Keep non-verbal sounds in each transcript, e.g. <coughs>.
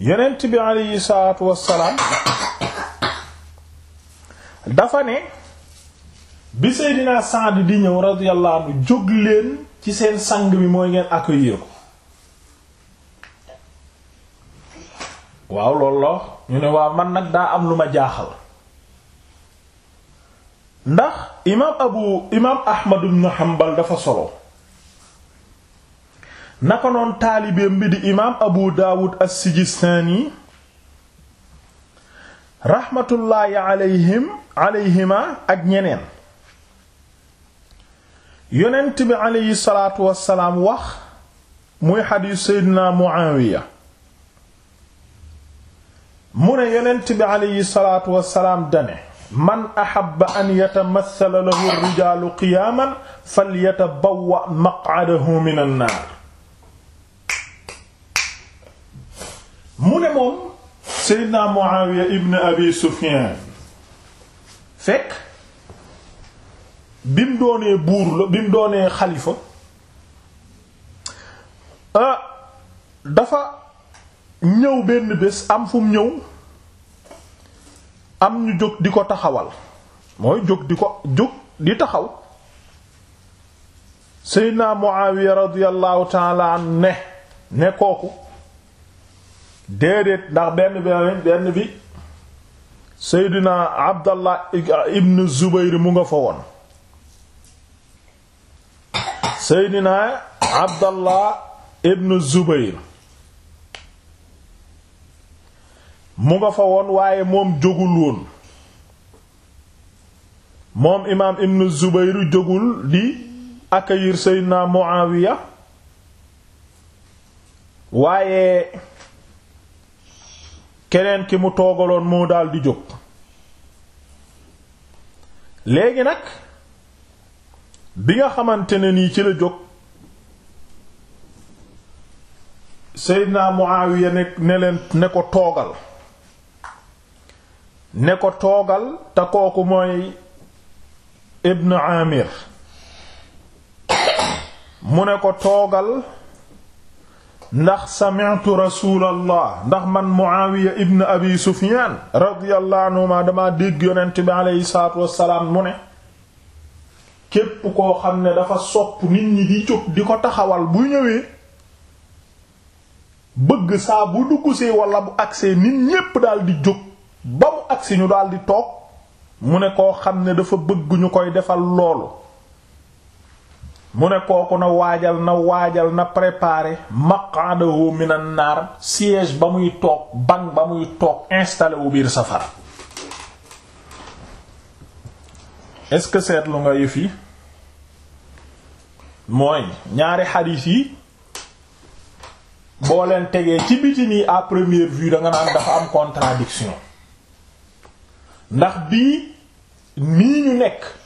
yonent bi aleyhi salaatu wassalaam dafa ne bi Seydina Saad di ñëw radiyallahu anhu jóg leen ci seen sang bi mooy ngeen accueillir ko waaw loolu la ñu ne waaw man nag daa am lu ma jaaxal ndax imaam Abu imaam Ahmad ibn Hanbal dafa solo naka noon taalibeem bi imaam abu daawud as-sijistaani raxmatullaahi alayhim alayhima ak ñeneen yonent bi alayhi salaatu wassalaam wax muy xadiis seydina muawiya mu ne yonent bi alayhi salaatu wassalaam dane man axabba an yatamassala lahu rijaalu qiyaaman falyatabawwa maq'adahu min an naar mu ne moom Seydina Muawiya ibn Abi Sufyan fekk bi mu doonee buur la bi mu doonee xalifa ah dafa ñëw benn bés am fu mu ñëw am ñu jóg di ko taxawal mooy jóg di ko jóg di taxaw Seydina Muawiya radiyallahu ta'ala an ne ne kooku déedéet ndax benn benn bi seydina abdallah ibn zubayr mu nga fa woon seydina abdallah ibn zubayr mu nga fa won waaye moom jógul woon moom imaam ibn zubayr jógul di accueillir seydina muawiya waaye keneen ki mu toogaloon moo daal di jóg léegi nag bi nga xamante ne nii ci la jóg Seydina Muawiya ne ne leen ne ko toogal ne ko toogal te kooku mooy Ibn Amir <coughs> mu ne ko toogal ndax sami'tu rasulallah ndax man muawiya ibn abi sufyan radiyallahu anhuma dama dégg yonent bi aleyhi salaatu wassalaam mu ne képp koo xam ne dafa sopp nit ñi di jóg di ko taxawal bu ñëwee bëgg saa bu duggsee wala bu agsee nit ñépp daal di jóg ba mu agsi ñu daal di toog mu ne koo xam ne dafa bëgguñu koy defal loolu mu ne kooku na waajal na waajal na préparer maq'adahu minan naar siège ba muy toog banc ba muy toog installé wu biir safara est-ce que seetlu nga yëf yi mooy ñaari xadiis yi boo leen tegee ci biti à première vue da nga naan dafa am contradiction ndax bii nii ñu nekk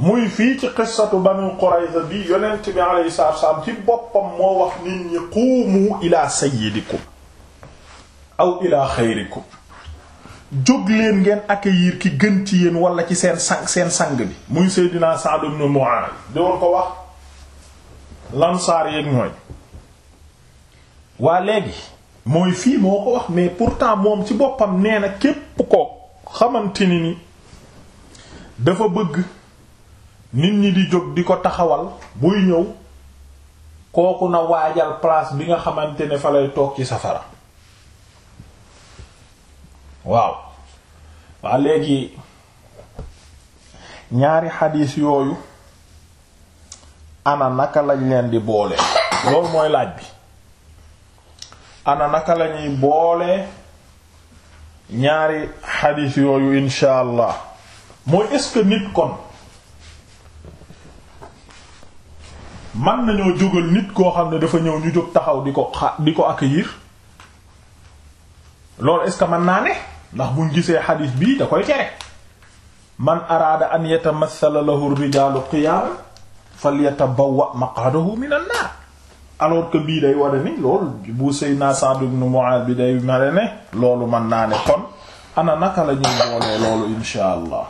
muy fii ci qissatu banu Qurayza bi yonent bi alayhi salaatu wassalaam ci boppam moo wax nit ñi quumu ila sayyidikum aw ila xayrikum jóg leen ngeen yiir ki gën ci yéen wala ci seen sang seen sang bi muy Seydina Sa'd ibn Mu'adh di woon ko wax lansaar yéen ñooy waa léegi mooy fii moo ko wax mais pourtant moom ci boppam nee na képp ko xamante ni dafa bëgg nit ñi di jóg di ko taxawal buy ñëw kooku na waajal place bi nga xamante ne fa lay toog ci safara waaw waa léegi ñaari xadiis yooyu ana naka lañ leen di boole loolu mooy laaj bi ana naka lañuy boole ñaari xadiis yooyu insha allah mooy est-ce nit kon man nañoo jógal nit koo xam ne dafa ñëw ñu jóg taxaw di ko xa di ko accueillir loolu est-ce que mën naa ne ndax buñ gisee xadiis bii da koy tere man araada an yatamassala lahu rijaalu qiyaam falyatabawwa maqaadahu minan naar alors que bii day war a ni loolu bu Seydina Sa'd ibn Mu'adh bi day mare ne loolu mën naa ne kon ana naka la ñuy boolee loolu insha allah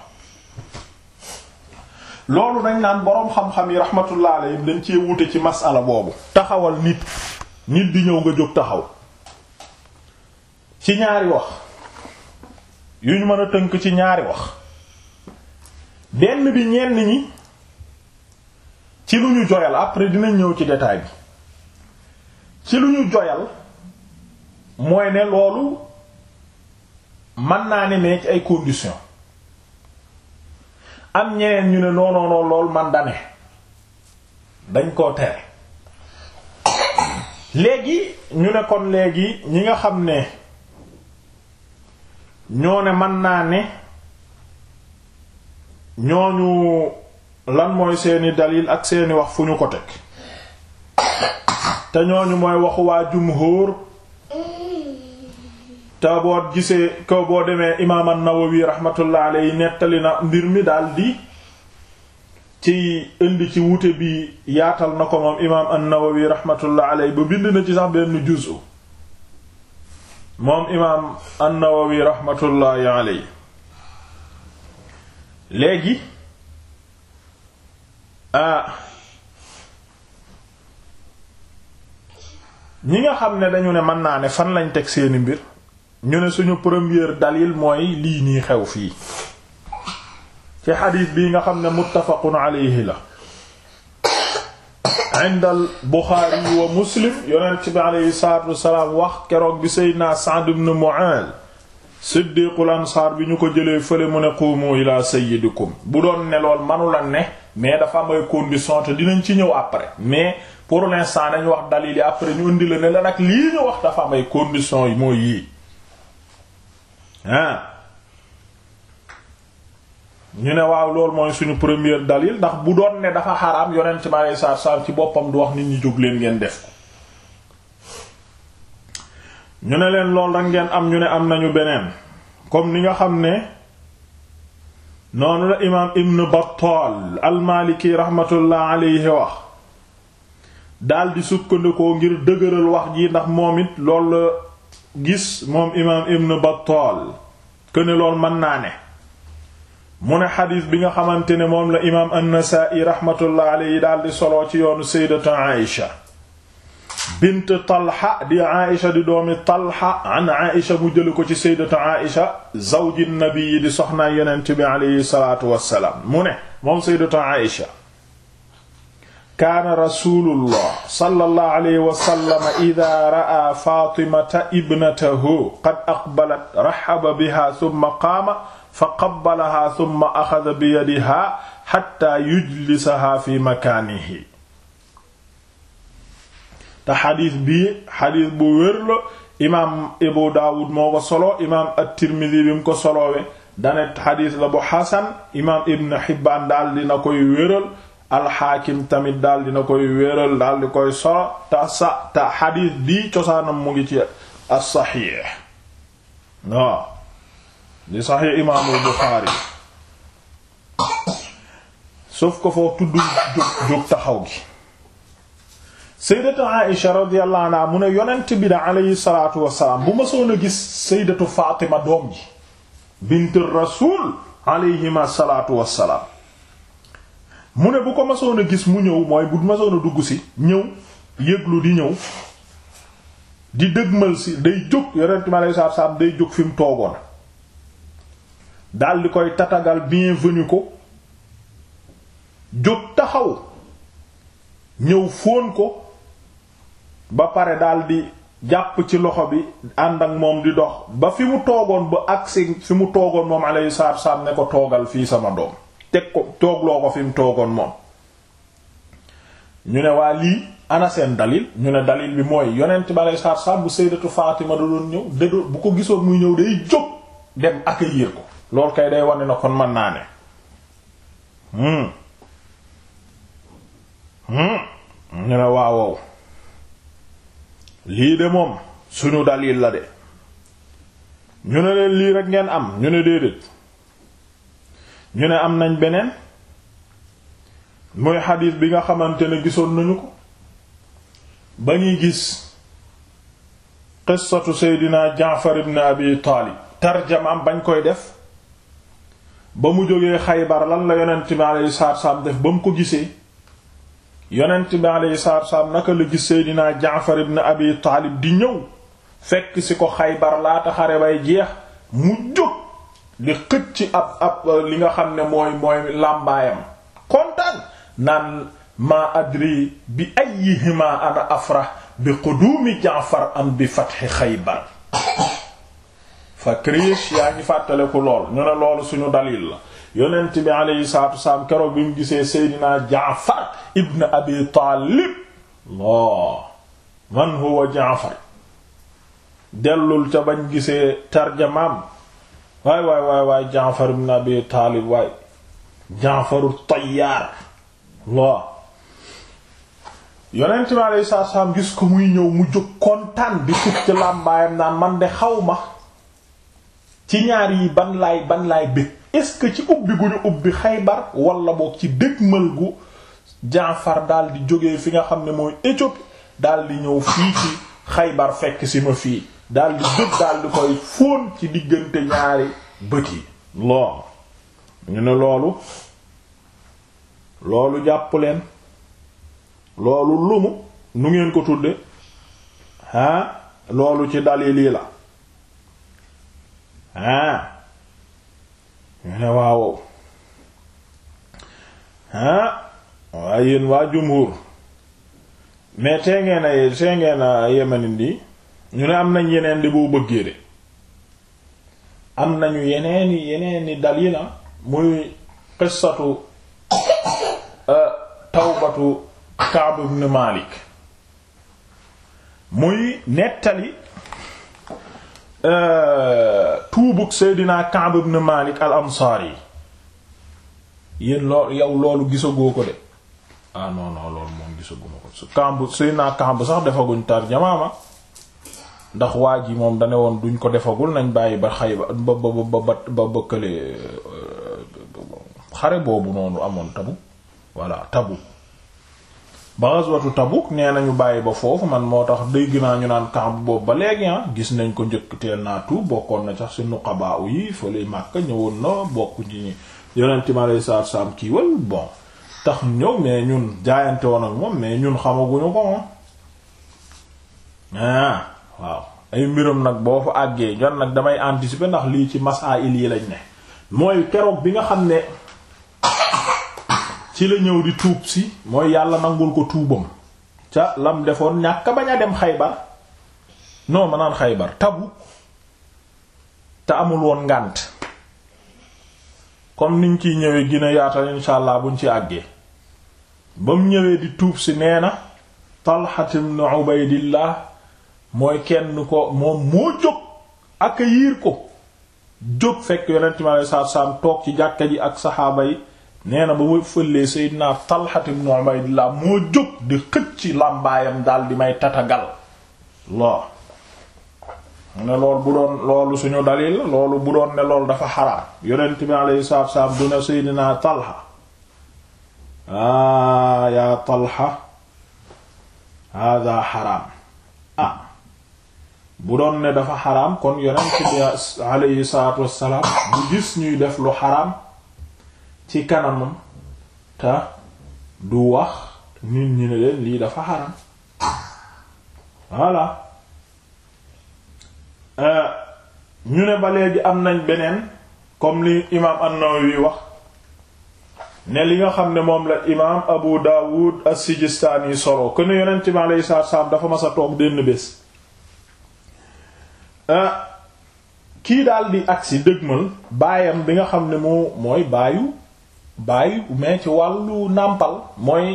loolu dañ naan boroom xam-xam yi rahmatullah alayhim dañ cee wute ci masala boobu taxawal nit nit di ñëw nga jóg taxaw ci ñaari wax yu ñu mën a tënk ci ñaari wax benn bi ñenn ñi ci lu ñu joyal après dinañ ñëw ci détail bi ci lu ñu joyal mooy ne loolu mën naa ne mais ci ay conditions am ñeneen ñu ne non lool man dane dañ koo tere léegi ñu ne kon léegi ñi nga xam ne ñoo ne mën naa ne ñooñu lan mooy seeni daliil ak seeni wax fu ñu ko teg te ñooñu mooy waxu waa jumhur te boo gisee kaw boo demee imaam an-Nawawi rahmatullah alayhi nettali na mbir mi daal di ci indi ci wuute bi yaatal na ko moom imaam an-Nawawi rahmatullah alayhi ba bind sax benn moom imaam an-Nawawi rahmatullahi alayhi léegi ah ñi nga xam ne dañu ne mën naa ne fan lañ teg seeni mbir ñu ne suñu premier dalil mooy lii nii xew fii ci xadiis bii nga xam ne muttafaqun alayhi la inda al Buxaari wa Muslim yonent bi aleyhi salaatu wasalaam wax keroog bi Seydina Sa'd ibn Mu'aaz siddiqul ansaar bi ñu ko jëlee fële mu ne qumu laa sayyidikum bu doon ne lool manula ne mais dafa am ay condition te dinañ ci ñëw après mais pour l'instant dañu wax dalil yi après ñu indi la ne la nag lii ñu wax dafa am ay condition yi mooy yii ñu ne waaw lool mooy suñu premier dalil ndax bu doon ne dafa xaraam yonent mi aleyhi salaatu salaam ci boppam du wax nit ñu jóg leen ngeen def ko ñu ne leen lool rek ngeen am ñu ne am nañu beneen comme ni nga xam ne noonu la imaam Ibn Battal al-Maliki rahmatullah alayhi wax daldi sukkandikoo ngir dëgëral wax ji ndax moom it loolu gis moom imaam Ibn Battal que ne loolu mën naa ne mu ne xadiis bi nga xamante ne moom la imaam An-Nasaa'i raxmatullahi alayhi daal di soloo ci yoonu Sayyidatu Aïsha bint Talha di Aïsha di doomi Talha an Aïsha mu jël ko ci Sayyidatu Aïsha zawji Nabi di soxnaa Yonent bi alayhi salaatu wassalaam mu ne moom Sayyidatu Aïsha kaana rasulullah sallallahu alayhi wa sallam ida ra'a fatimata ibnatahu qad aqbalat raxaba biha summa qaama fa qabbalaha summa axada bi yadiha xatta yujlisaha fi makaanihi te xadis bii xadis bu wér la imaam Abu Daawud moo ko solo imaam at-Tirmidi bi mu ko soloowe dane xadis la bu xasan imaam Ibn Hibbaan daal dina koy wéral alxaakim tamit daal dina koy wéeral daal di koy solo ta sa ta xadiis bi cosaanam mu ngi ci as-saxiix waaw saxiix imaamul Buxaari sauf ko foofu tudd jóg taxaw gi sayyidatu Aïsha radiyallahu anha mu ne yonent bi da alayhi bu ma soon gis sayyidatu Faatima doom ji bint rasul alayhima salaatu wassalaam mu ne bu ko masoon a gis mu ñëw mooy bu masoon a dugg si ñëw yëglu di ñëw di dëgmal si day jóg yonent mi aleyhi salaatu salaam day jóg fi mu toogoon daldi koy tatagal bienvenu ko jóg taxaw ñëw fóon ko ba pare daldi jàpp ci loxo bi ànd ak moom di dox ba fi mu toogoon ba agsi fi mu toogoon moom aleyhi salaatu ne ko toogal fii sama doom teg ko toogloo ko fi mu toogoon moom ñu ne waa lii ana seen dalil ñu ne dalil bi mooy yonent bi alei saatu salaam bu sayyidatu Fatima da doon ñëw da doon bu ko gisoon muy ñëw day jóg dem accueillir ko loolu kay day wane na kon mën naa ne hmm hmm ñu ne waawow lii de moom suñu dalil la de ñu ne leen lii rek ngeen am ñu ne déedéet ñu ne am nañ beneen mooy xadiis bi nga xamante ne gisoon nañu ko ba ñuy gis qissatu seydina jaafar ibn abi taalib tarjamaam bañ koy def ba mu jógee xaybar lan la yonent bi alayhi salaatu salaam def ba mu ko gisee yonent bi alayhi salaatu salaam naka la gis seydina jaafar ibn abi taalib di ñëw fekk ci ko xaybar laata xare bay jeex mu jóg di xëcc ci ab ab euh, li nga xam ne mooy mooy làmbaayam kontaan naan maa adri bi ayyihima ana afrah bi quduumi jaafar am bi fathi xaybar fa kriis yaa ngi fàttaleku lool ñu ne loolu suñu dalil la yonent bi aleyhi salatu wasalaam keroog bi gisee seydina jaafar ibn abi taalib man huwa jaafar dellul ca bañ gisee tarjamaam waay waay waay waay Jaafar ibn Abi Taalib waay Jaafaru Tayyaar loo yonent bi alayhi salaatu gis ko muy ñëw mu jóg kontaan di tub ci làmbaayam naan man de xaw ma ci ñaar yi ban laay ban laay bég est-ce que ci ubbi gu ñu ubbi Xaybar wala boog ci dégmal gu Jaafar daal di jógee fi nga xam ne mooy Éthiopie daal di ñëw fii ci Xaybar fekk si ma fii daal di jóg koy fóon ci diggante ñaari bët yi lool ñu ne loolu loolu jàpp leen loolu lumu nu ngeen ko tudde ah loolu ci dali lii la ah ñu ne waawow ah waaye yéen waa jumhur mais tee a tee a yemanit yi ñu ne am nañ yeneen di boo bëggee de am nañu yeneeni yeneeni dalil ah, muy qissatu <coughs> euh, tawbatu Ka'b ibn Malik muy nettali euh, tuubug Seydina Ka'b ibn Malik al Ansaari yi yéen lool yow loolu gisagoo ko de ah non loolu moom gisaguma ko su Ka'b Seydina Ka'b sax defaguñ tarjamaama ah. ndax waa jii moom dane woon duñ ko defagul nañ bàyyi ba Xaybar ba ba ba ba bëkkale xare boobu noonu amoon Tabuk voilà Tabuk ba ghazwatu Tabuk nee nañu bàyyi ba foofu man moo tax dégg naa ñu naan camp boobu ba léegi ah gis nañ ko njëkk teel naa bokkoon na sax si nuqabaa yi fële Makka ñëwoon na bokk ci yeneen timaare saar saam kiiwal bon tax ñëw mais ñun jaayante woon ak moom mais ñun xamaguñu ko moom ah. waaw ay mbirum nag boo fa àggee jon nag damay anticiper ndax lii ci masaa'il yi lañ ne mooy keroog bi nga xam ne ci la ñëw di tuub si mooy yàlla nangul ko tuubam ca lam defoon ñàkk bañ a dem xaybar non ma naan xaybar tabu te amul woon ngànt kon niñ ciy ñëwee gina yaatal insha allah buñ ci àggee ba mu ñëwee di tuub si nee na Talhat ibn Ubaydillah mooy kenn ko moom moo jóg accueillir ko jóg fekk yonent mi alei satu toog ci jàkka ji ak saxaaba yi nee na ba muy fëllee Seydina Talha ibn Ubaydillah moo jóg di xëcc làmbaayam daal di may tatagal loo ne loolu bu doon loolu suñu dalil loolu bu doon ne loolu dafa xaraam yonent bi aleyhi salaatu salaam duna Seydina Talha aa ah, yaa Talha hada xaraam bu doon ne dafa xaraam kon yonent bi alayhi salaatu wassalaam bu gis ñuy def lu xaraam ci kanamam te du wax nit ñi ne leen lii dafa xaraam voilà euh, ñu ne ba léegi am nañ beneen comme li imaam an-Nawawi wax ne li nga xam ne moom la imaam Abu Dawud as-Sijistani solo kon yonent bi alayhi salaatu wassalaam dafa mas a toog benn bés Ah, kii daal di agsi dëgmal baayam bi nga xam ne moo mooy baayu baayu mais ci wàllu nàmpal mooy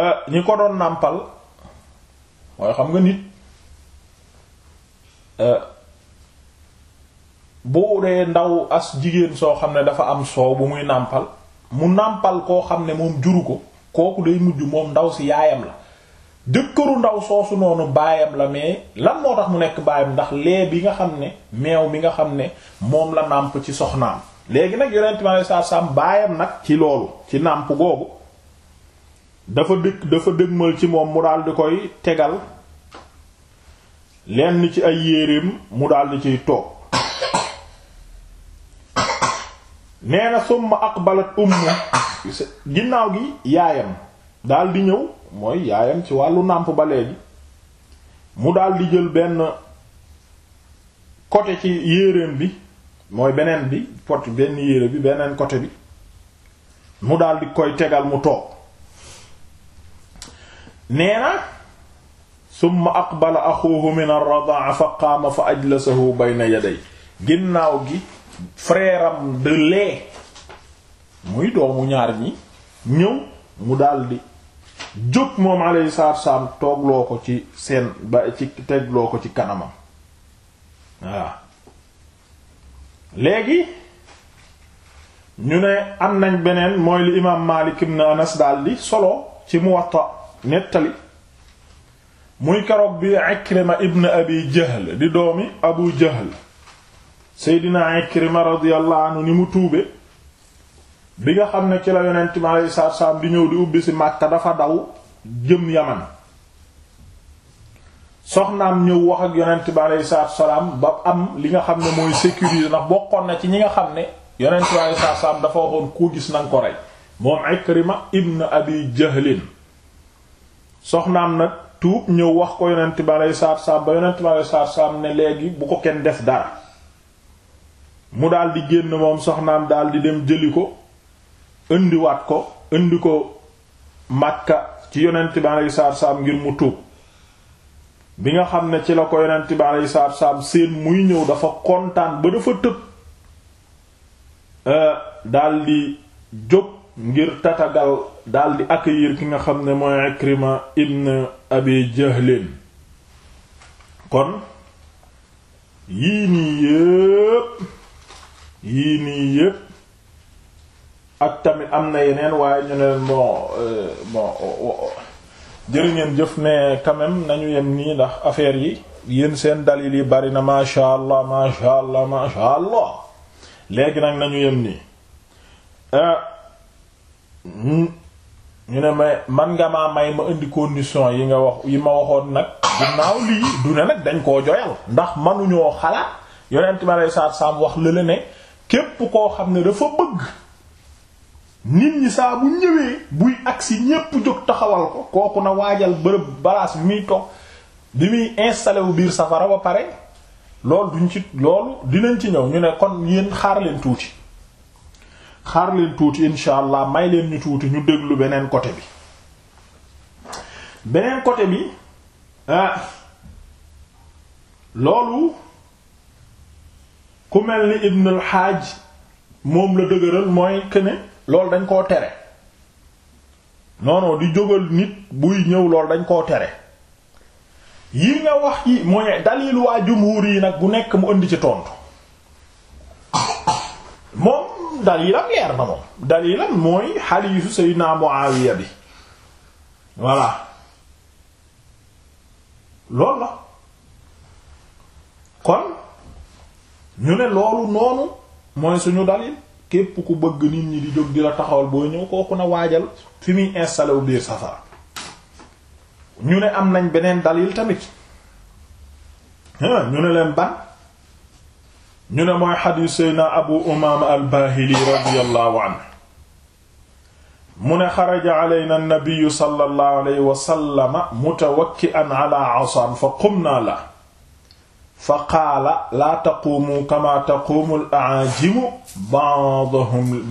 ah, ñi ko doon nàmpal mooy xam nga nit ah, boo dee ndaw as jigéen soo xam ne dafa am soow bu muy nàmpal mu nàmpal koo xam ne moom juru ko kooku day mujj moom ndaw si yaayam la jëkkëru ndaw soosu noonu baayam la mais lan moo tax mu nekk baayam ndax lee bi nga xam ne meew mi nga xam ne moom la nàmp ci soxnaam léegi nag yonent mi alayhi salaatu salaam baayam nag ci loolu ci nàmp googu dafa dëkk dafa dëgmal ci moom mu daal di koy tegal lenn ci ay yéreem mu daal di ciy toog nee na summa aqbalat ummu ginnaaw gi yaayam daal di ñëw mooy yaayam ci wàllu nàmp ba léegi mu daldi jël benn côté ci yéreem bi mooy beneen bi pot benn yére bi beneen côté bi mu daldi di koy tegal mu toog nee na summa aqbala axuhu min ar-radaa fa qaama fa ajlasahu bayna yaday ginnaaw gi freeram am de lait muy doomu ñaar ñi ñëw mu daldi jóg moom alayhi salaatu salaam toogloo ko ci seen ba ci tegloo ko ci kanamam waaw léegi ñu ne am nañ beneen mooy li imaam Maalik ibn Anas daldi solo ci Muwatta nettali muy keroog bi Ikrima ibn Abi Jahl di doomi Abu Jahl Seydina Ikrima radiyallahu anhu ni mu tuube bi nga xam ne ci la yonent mi alayhi saat salaam di ñëw di ubbi si Makka dafa daw jëm Yaman soxnaam ñëw wax ak yonent bi alayhi salaatu salaam ba am li nga xam ne mooy sécuriser ndax bokkoon na ci ñi nga xam ne yonent bi alayhi salaatu salaam dafa waxoon ku gis nanga ko rey moom Ikrima ibn Abi Jahlin soxnaam nag tuub ñëw wax ko yonent bi alayhi salaatu salaam ba yonent bi alayhi salaatu salaam ne léegi bu ko kenn def dara mu daal di génn moom soxnaam daal di dem jëli ko indiwaat ko indi ko Makka ci yonent bi alayhi salaatu salaam ngir mu tuub bi nga xam ne ci la ko yonent bi alayhi salaatu salaam seen muy ñëw dafa kontaan ba dafa tëb euh, daldi jóg ngir tatagal daldi accueillir ki nga xam ne mooy Ikrima ibn Abi Jahlin kon yii nii yépp yii nii yépp ak tamit am na yeneen waaye ñu ne bon euh, bon jërë jëf ne quand même nañu yem nii ndax affaire yi yéen seen dalil yi bari na masha allah masha allah masha allah léegi nag nañu yem nii euh, ñu ne may man nga maa may ma indi condition yi nga wax yi ma waxoon nag ginnaaw lii du ne nag dañ koo joyal ndax manuñoo xalaat yonent ma lay saat saam wax lële képp koo xam ne dafa bëgg nit ñi saabu bu ñëwee buy agsi ñépp jóg taxawal ko kooku na waajal bërëb balaas bi muy toog bi muy installé wu biir safara wa pare loolu duñ ci loolu dinañ ci ñëw ñu ne kon yéen xaar leen tuuti xaar leen tuuti incha allah may leen ñu tuuti ñu déglu beneen côté bi beneen côté bi ah, loolu ku mel ni Ibn Hajj moom la dëgëral mooy que loolu dañ koo tere non di jógal nit buy ñëw loolu dañ koo tere yi nga wax yi mooy dalil waa jumhur yi nag bu nekk mu indi ci tontu moom dalilam leer na moom dalilam mooy xadiisu Seydina Muawiya bi voilà loolu la kon ñu ne loolu noonu mooy suñu dalil képp ku bëgg nit ñi di jóg di la taxawal boo ñëw kooku na waajal fi muy installé wu biir safara ñu ne am nañ beneen dalil tamit ñu ne leen ban ñu ne mooy xadiis Seydina Abu Umaama al-Baahili radiyallahu anhu mu ne xaraja alayna an-nabiyyu sallallahu alayhi wa sallama ala 'asan fa qumna lahu fa qaala laa taquumu kama taquumu al-a'aajimu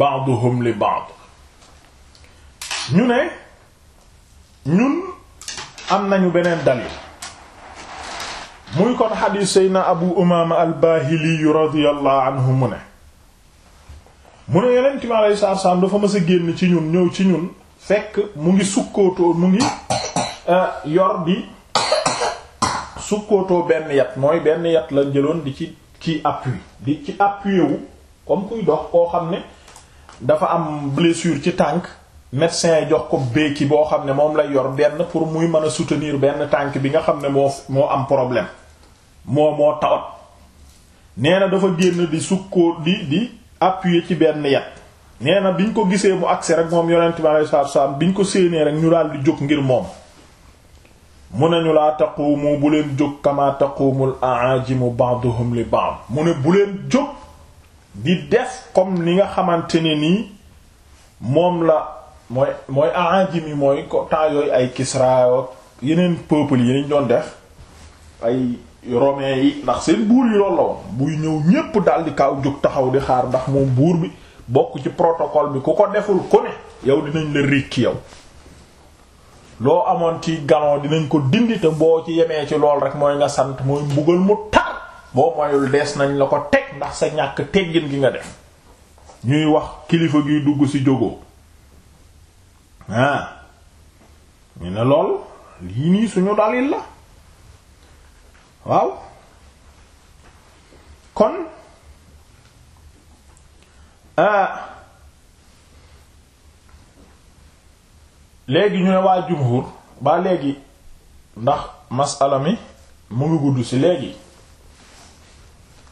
ba'duhum li ba'd ñu ne ñun am nañu beneen dalil muy kon xadiis Seydina Abu Umaama al-Baahili radiyallahu mu ne mu ne Yonent bi alayhi salaam dafa mës a génn ci ñun ñëw ci ñun fekk mu ngi sukkootoo mu ngi euh, yor bi sukkootoo benn yat mooy benn yat la jëloon di ci kii appui di ci appuyé wu comme kuy dox koo xam ne dafa am blessure ci tànk médecin yi jox ko béeki boo xam ne moom lay yor benn pour muy mën a soutenir benn tànk bi nga xam ne moo moo am problème moo moo tawat nee na dafa génn di sukkoo di di appuyer ci benn yat nee na bi ñu ko gisee mu agsi rek moom yonent bi alayhi salaatu wa salaam biñ ko séenee rek ñu daal di jóg ngir moom mu ne ñu laa taquumu bu leen jóg kama taquumul aajimu ba'duhum li ba'd mu ne bu leen jóg di def comme ni nga xamante ne nii moom la mooy mooy aajim yi mooy ko temps yooyu ay Kisra yeneen peuples yi lañ doon def ay romains yi ndax seen buur yi loolu la woon buy ñëw ñépp daldi kaaw jóg taxaw di xaar ndax moom buur bi bokk ci protocole bi ku ko deful ku ne yow dinañ la rikki yow loo amoon ci galon dinañ ko dindi te boo ci yemee ci lool rek mooy nga sant mooy mbugal mu tar boo moyul dees nañ la ko teg ndax sa ñàkk teggin gi nga def ñuy wax kilifa giy dugg ci jógo ah ñu ne lool lii nii suñu dalil la waaw kon ah léegi ñu ne waa jumhur baa léegi ndax masala mi mu ngi gudd ci léegi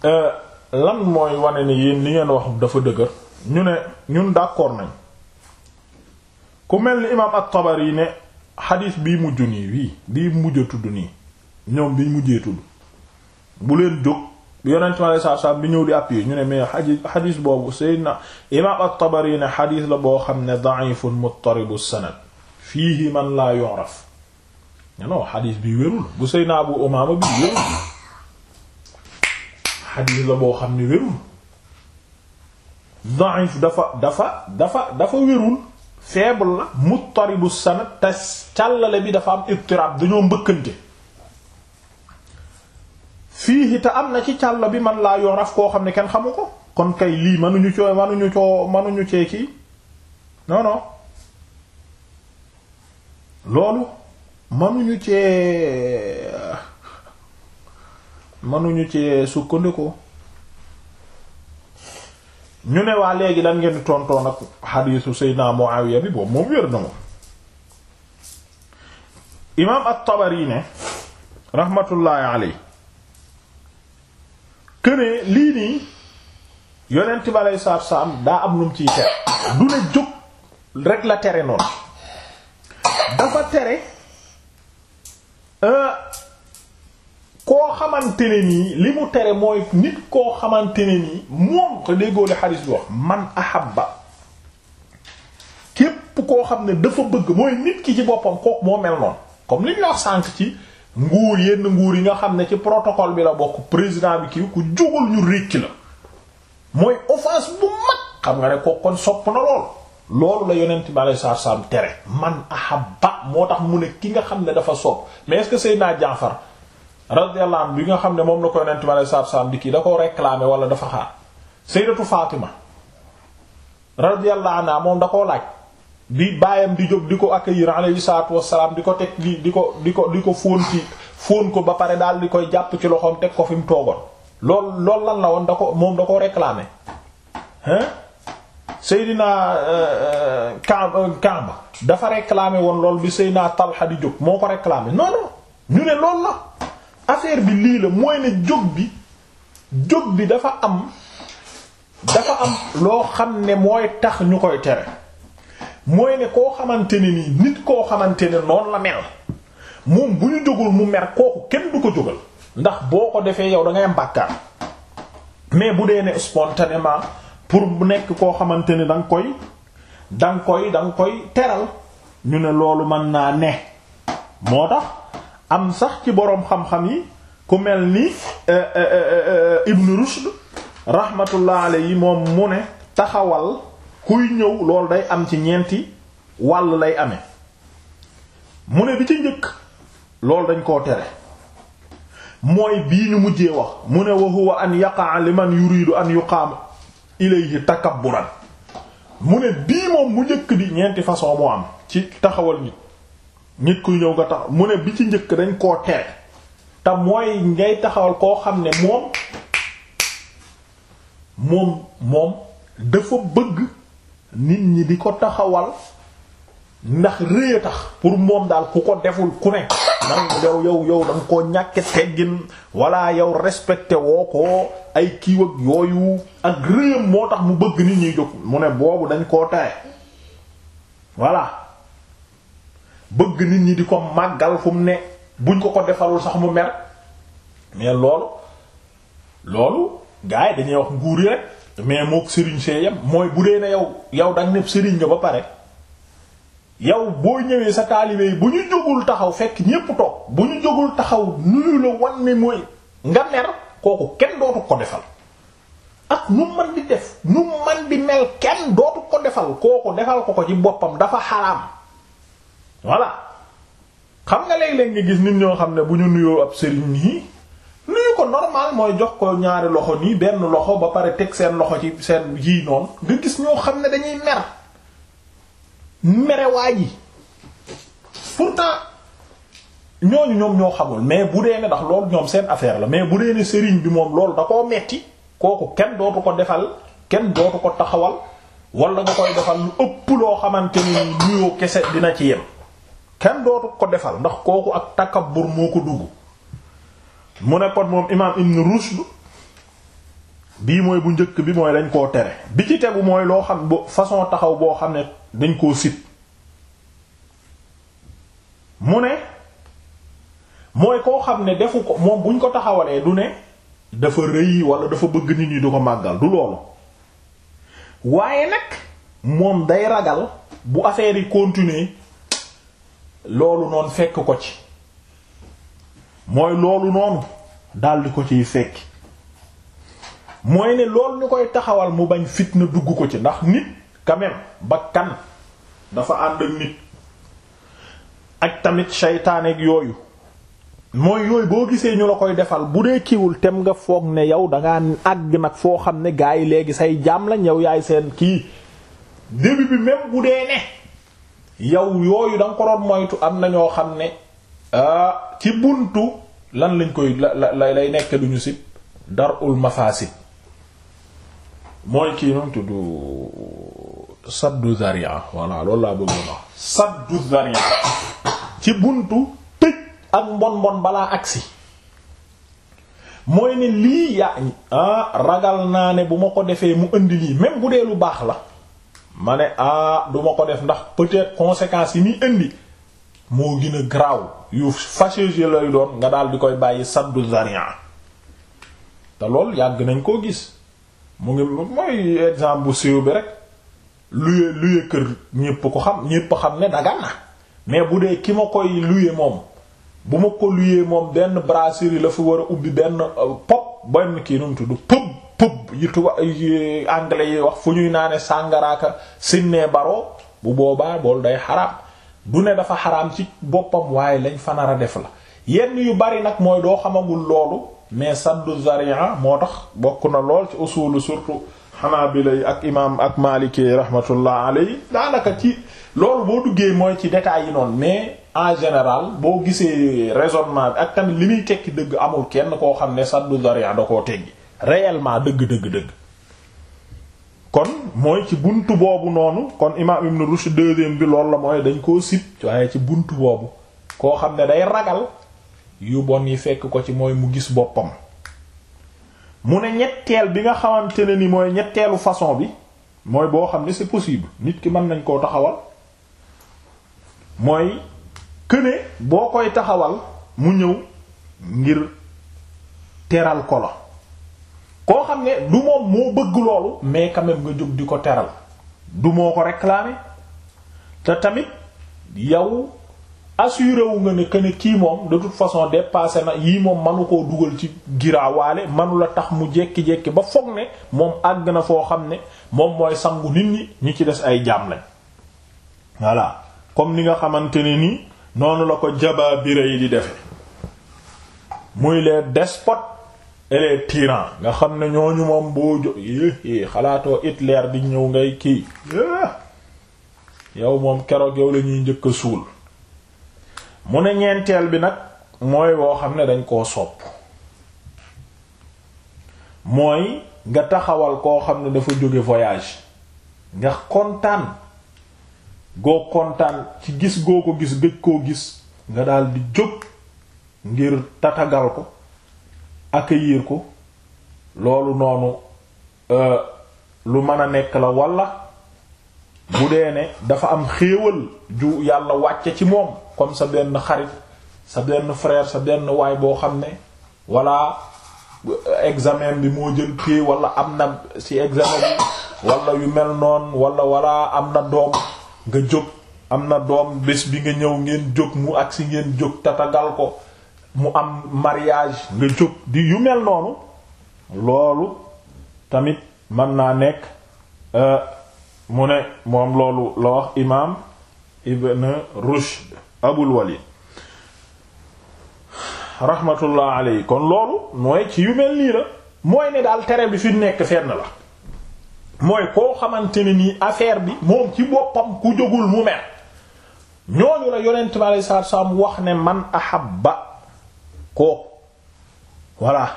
euh, lan mooy wane ni yéen li ngeen wax dafa dëgër ñu ne ñun d'accord nañ ku mel ni imaam at-Tabari ne xadiis bii mujj nii wii bii mujj a tudd nii ñoom bi mujjee tudd bu leen jóg yonent mi alayhi salaam bi ñëw di appuyé ñu ne mais xadis xadis boobu sayyidna imaam at-Tabari ne xadis la boo xam ne da'ifun muttaribu sanad fiihi man laa yu'raf non xadis bi wérul bu Seydina Abu Umaama bi wérul xadis la boo xam ne wérul da'if dafa dafa dafa dafa wérul faible la muttaribu sanad te càllale bi dafa am ittirab dañoo mbëkkante fii te am na ci càll bi man laa yoraf koo xam ne kenn xamu ko kon kay lii mënuñu coo mënuñu coo mënuñu ceekii non non loolu mënuñu ci mënuñu ci sukkandiku ñu ne waa léegi lan ngeen tontoon ak xadiisu Seydina Muawiya bi boobu moom wér na moom imaam at-Tabari ne raxmatullaahi aley kënee lii nii yonent bi aley salaam daa am lum mu ciy tere du ne jóg rek la tere noonu dafa tere euh, koo xamante ne nii li mu tere mooy nit koo xamante ne nii moom ko déggoo li xadis bi wax man ahabba képp koo xam ne dafa bëgg mooy nit ki ci boppam kook moo mel noonu comme li ñu wax sànq ci nguur yenn nguur yi nga xam ne ci protocole bi la bokk président bi kii ku jugul ñu rékki la mooy offense bu mag xam nga ne kooku kon sopp na lool loolu la yonent bi alei satu salaam tere man ahabba moo tax mu ne ki nga xam ne dafa soob mais est-ce naa Seydina Jaafar radiyallahu anhu bi nga xam ne moom la ko yonent bi alei satu di kii da ko réclamer wala dafa xaar Sayyidatu Fatima radiyallahu anha moom da koo laaj bi baayam di jóg di ko accueillir alayhi salaatu wassalaam di ko teg di di ko di ko di ko fóon ci fóon ko ba pare daal di koy jàpp ci loxoom teg ko fi mu toogoon lool loolu lan la woon da ko moom da ko réclamer Seydina Kaab euh, euh, Kaab euh, dafa réclamé woon lool bi Seydina Talha di jóg moo ko réclamé non ñu ne loolu la affaire bi lii la mooy ne jóg bi jóg bi dafa am dafa am loo xam ne mooy tax ñu koy tere mooy ne koo xamante ne nii nit koo xamante ne noonu la mel moom bu ñu jógul mu mer kooku kenn du ko jógal ndax boo ko defee yow da ngay am mais bu dee ne spontanément pour bu nekk koo xamante ni danga koy da nga koy koy teral ñu ne loolu mën naa ne moo tax am sax ci boroom xam-xam yi ku mel ni eh, eh, eh, Ibn Rushd rahmatullah yi moom mu ne taxawal kuy ñëw lool day am ci ñeenti wàll lay ame mu ne bi ci njëkk loolu dañ koo tere mooy bii ñu mujjee wax mu ne wa huwa an yaqa liman yuridu an yuqaama ilayhi takabburan mu ne bii moom mu njëkk bi ñeenti façon moo am ci taxawal nit nit kuy ñëw nga tax mu ne bi ci njëkk dañ koo tere te ngay taxawal koo xam ne moom moom moom dafa bëgg nit ñi di ko taxawal ndax rëy a tax pour moom daal ku ko deful ku ne nag yow yow yow da nga koo ñàkke teggin walla yow respecté woo ko ay kiiw yooyu ak rëyam moo tax mu bëgg nit ñuy mu ne boobu dañ koo tere voilà bëgg nit ñi di ko màggal fu mu ne buñ ko ko defalul sax mu mer mais loolu loolu gars yi dañuy wax nguur yi rek mais mook sëriñ see yam mooy bu dee na yow yow danga ne sëriñ nga ba pare yow boo ñëwee sa taalibe bu ñu jógul taxaw fekk ñépp toog bu ñu jógul taxaw nuyu la wan ne mooy nga mer kooku kenn dootu ko defal ak nu man di def nu man di mel kenn dootu ko defal kooku defal ko ko ci boppam dafa xaraam voilà xam nga léeg-léeg nga gis nit ñoo xam ne bu ñu nuyoo ab sëriñ nii nuyu ko normal mooy jox ko ñaari loxo nii benn loxo ba pare teg seen loxo ci seen yii noonu nga gis ñoo xam ne dañuy mer merewaa yi pourtant ñooñu ñoom ñoo xamul mais bu dee ne ndax loolu ñoom seen affaire la mais bu dee ne sëriñ bi moom loolu da koo metti kooku kenn dootu ko defal kenn dootu ko taxawal wala nga koy defal lu ëpp loo xamante ni nuyoo kese dina ci yem kenn dootu ko defal ndax kooku ak takabbur moo ko dugg mu ne kon moom imaam Ibn Rushd bii mooy bu njëkk bi mooy dañ koo tere bi ci tegu mooy loo xam façon taxaw boo xam ne dañ koo sit mu ne mooy koo xam ne defu ko moom buñ ko taxawalee du ne dafa rëy wala dafa bëgg nit ñi du ko màggal du loolu waaye nag moom day ragal bu affaire yi continuer loolu noonu fekk ko ci mooy loolu noonu daldi ko ciy fekk mooy ne loolu ñu koy taxawal mu bañ fitna dugg ko ci ndax nit quand même bakkan dafa ànd ak nit ak tamit seytaaneeg yooyu mooy yooyu boo gisee ñu la koy defal bu dee kiiwul tem nga foog ne yow dangaa àgg nag foo xam ne gaa yi léegi say jaam lañ yow yaay seen kii début bi même bu dee ne yow yooyu da ko doon moytu am na ñoo xam ne ah, ci buntu lan lañ koy la la lay nekk duñu sib darul mafasid mooy kii noonu tudd saddu zaria voilà loolu laa bëggoon wax saddu zaria ci buntu tëj ak mbon mbon balaa agsi mooy ne lii yaa ah ragal naa ne bu ma ko defee mu indi lii même bu dee lu baax la ma ne ah duma ko def ndax peut-être conséquences yi muy indi moo gën a graw yu fâcheuse lay doon nga daal di koy bàyyi saddu zaria te lool yàgg nañ koo gis mu ngi mooy exemple bu siiw bi rek luye luye kër ñépp ko xam ñépp xam ne dagan na mais bu dee ki ma koy luye moom bu ma ko luye moom benn brasserie la fi war a ubbi benn euh, pop benn kii nu mu tudd pub pub yi tuba anglais yi wax fu ñuy naa naane sàngaraaka sinnee baro bu boobaa bool day xaraam du ne dafa xaraam ci boppam waaye lañ fa nar a def la yenn yu bari nag mooy doo xamagul loolu mais saddu zaria moo tax bokk na lool ci usulu surtout Hanabila yi ak imaam ak Maliki rahmatullah alayhi daanaka ci loolu boo duggee mooy ci détails yi noonu mais en général boo gisee raisonnement bi ak tamit li muy tekki dëgg amul kenn koo xam ne saddu zaria da koo teggi réellement dëgg dëgg dëgg kon mooy ci bunt boobu noonu kon imaam Ibn Rushd deuxième bi loolu la mooy dañ koo sib waaye ci buntu boobu koo xam ne day ragal yu bon yi fekk ko ci mooy mu gis boppam mu ne ñetteel bi nga xamante ne ni mooy ñetteelu façon bi mooy boo xam ne si possible nit ki mën nañ koo taxawal mooy këne boo koy taxawal mu ñëw ngir teral ko la koo xam ne du moom moo bëgg loolu mais quand nga jóg di ko teral du moo ko réclamer te tamit yow assuré wu nga ne que kii moom de toute façon dépassé na yii moom manu koo dugal ci giraawaale manu la tax mu jékki-jékki ba foog ne moom àgg na foo xam ne moom mooy sangu nit ñi ñu ci des ay jaam lañ voilà comme ni nga xamante ni nii noonu la ko jabaa bira yi di defe muy les despotes et nga xam ne ñooñu moom boo jo xalaatoo Hitler bi ñëw ngay kii yow moom keroog yow la ñuy njëkk suul mu ne ñeenteel bi nag mooy woo xam ne dañ koo sopp mooy nga taxawal koo xam ne dafa jóge voyage nga kontaan goo kontaan ci gis goo ko gis gëj koo gis nga daldi jóg ngir tatagal ko ak yiir ko loolu noonu euh, lu mën a nekk la walla bu dee ne dafa am xéewal ju yàlla wàcce ci moom comme sa benn xarit sa benn frère sa benn waay boo xam ne walla euh, examen bi moo jël pay walla am na ci examen bi walla yu mel noonu walla walla am na doom nga jóg am na doom bés bi nga ñëw ngeen jóg mu agsi ngeen jóg tatagal ko mu am mariyage nga jóg di yu mel noonu loolu tamit mën naa nekk euh, mu ne moom loolu la wax imaam Ibn Rushd abul walid rahmatullah alayhi kon loolu mooy ci yu mel nii la mooy ne daal tere bi fi nekk fenn la mooy koo xamante ne nii affaire bi moom ci boppam ku jógul mu mer ñooñu la yonent bi alayhi salaatu wax ne man ahabba kooku voilà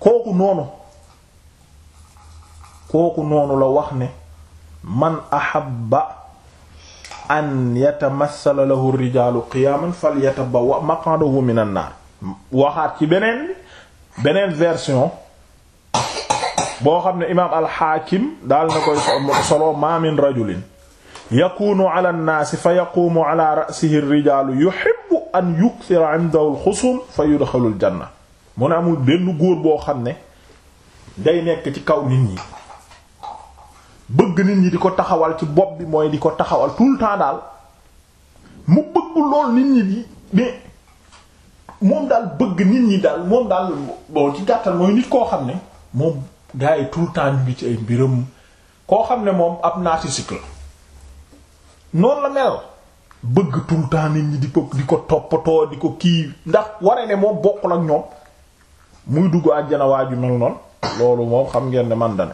kooku noonu kooku noonu la wax ne man ahabba an yatamassala lahu rijaalu qiyaaman falyatabawwa maq'adahu minan naar waxaat ci beneen beneen version boo xam ne imaam alxaakim daal na koy solo ma min rajulin yakunu ala nnaasi fa yaquumu ala ra'sihi rijaalu yuhibbu an yukthira indahu alxusum fa yudxalu aljanna mu ne amul benn góor boo xam ne day nekk ci kaw nit ñi bëgg nit ñi di ko taxawal ci bopp bi mooy di ko taxawal tout le temps daal mu bëggul lool nit ñi di moom daal bëgg nit ñi daal moom daal bon ci gàttal mooy nit koo xam ne moom gars yi tout le temps ñu ngi ci ay mbiram koo xam ne moom ab narcissique la noonu la mel bëgg tout le temps nit ñi di ko di ko toppatoo di ko kii ndax ware ne moo bokkul ak ñoom muy dugg àjjana waaju mel noonu loolu moom xam ngeen ne man da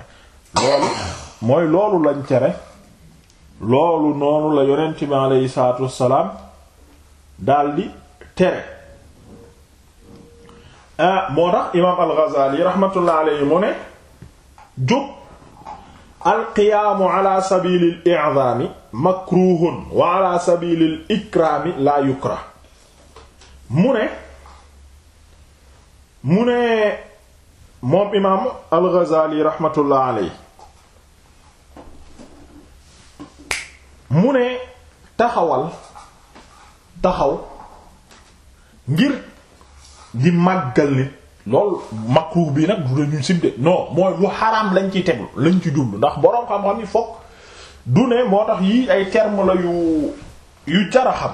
loolu mooy loolu lañ tere loolu noonu la yonent aleyhi salaatu wassalaam daldi tere ah, moo tax imaam al-Ghazali rahmatullah aleyhi mu ne jub alqiyaamu ala sabilil i'zaami makruhun wa ala sabilil ikraami mu ne mu ne moom imaam al-Ghazali rahmatullah aleyhi mu ne taxawal taxaw ngir di màggal nit loolu makruh bi nag du dañuy sib de non mooy lu xaraam lañ ci teglu lañ ci jublu ndax boroom xam-xam yi fokk du ne moo tax yii ay terme la yu yu jar a xam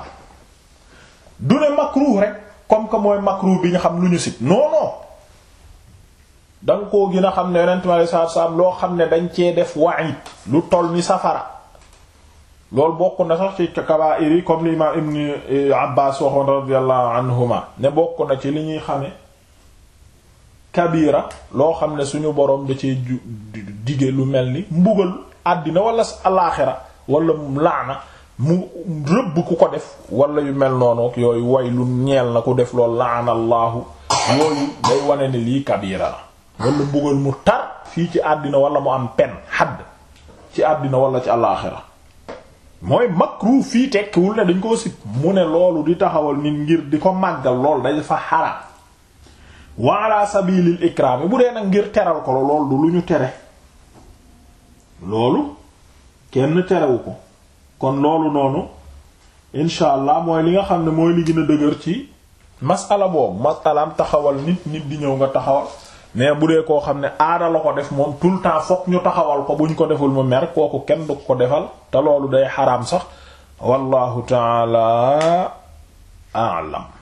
du ne makruh rek comme que mooy makruh bi nga xam lu ñu sib non non da koo gën a xam ne yonent mi sallallahu loo xam ne dañ cee def wa'id lu toll ni safara loolu bokk na sax ci kabaa'ir comme li imaam ibn Abbaas waxoon radiyallahu anhuma ne bokk na ci li ñuy xame kabira loo xam ne suñu boroom da ci dige lu mel ni mbugal àddina wala alaaxira wala laana mu rëbb ku ko def walla yu mel noonu yooyu way lu ñeel na ku def loolu laana allahu yooyu day wane ne lii kabira la wala mbugal mu tar fii ci àddina wala mu am pen xadd ci àddina walla ci alaaxira mooy makru fii tekkiwul ne dañ koo sib mu ne loolu di taxawal nit ngir di ko màggal lool dañ fa xaraam wa ala sabilil ikraam bu dee nag ngir teral ko la loolu du lu ñu tere loolu kenn terewu ko kon loolu noonu incha allah mooy li nga xam ne mooy li gën a dëgër ci masala boobu masalaam taxawal nit nit di ñëw nga taxawal mais bu dee koo xam ne aada la ko def moom tout le temps fokk ñu taxawal ko bu ñu ko deful mu mer kooku kenn du ko defal te loolu day xaram sax wallahu taala a'lam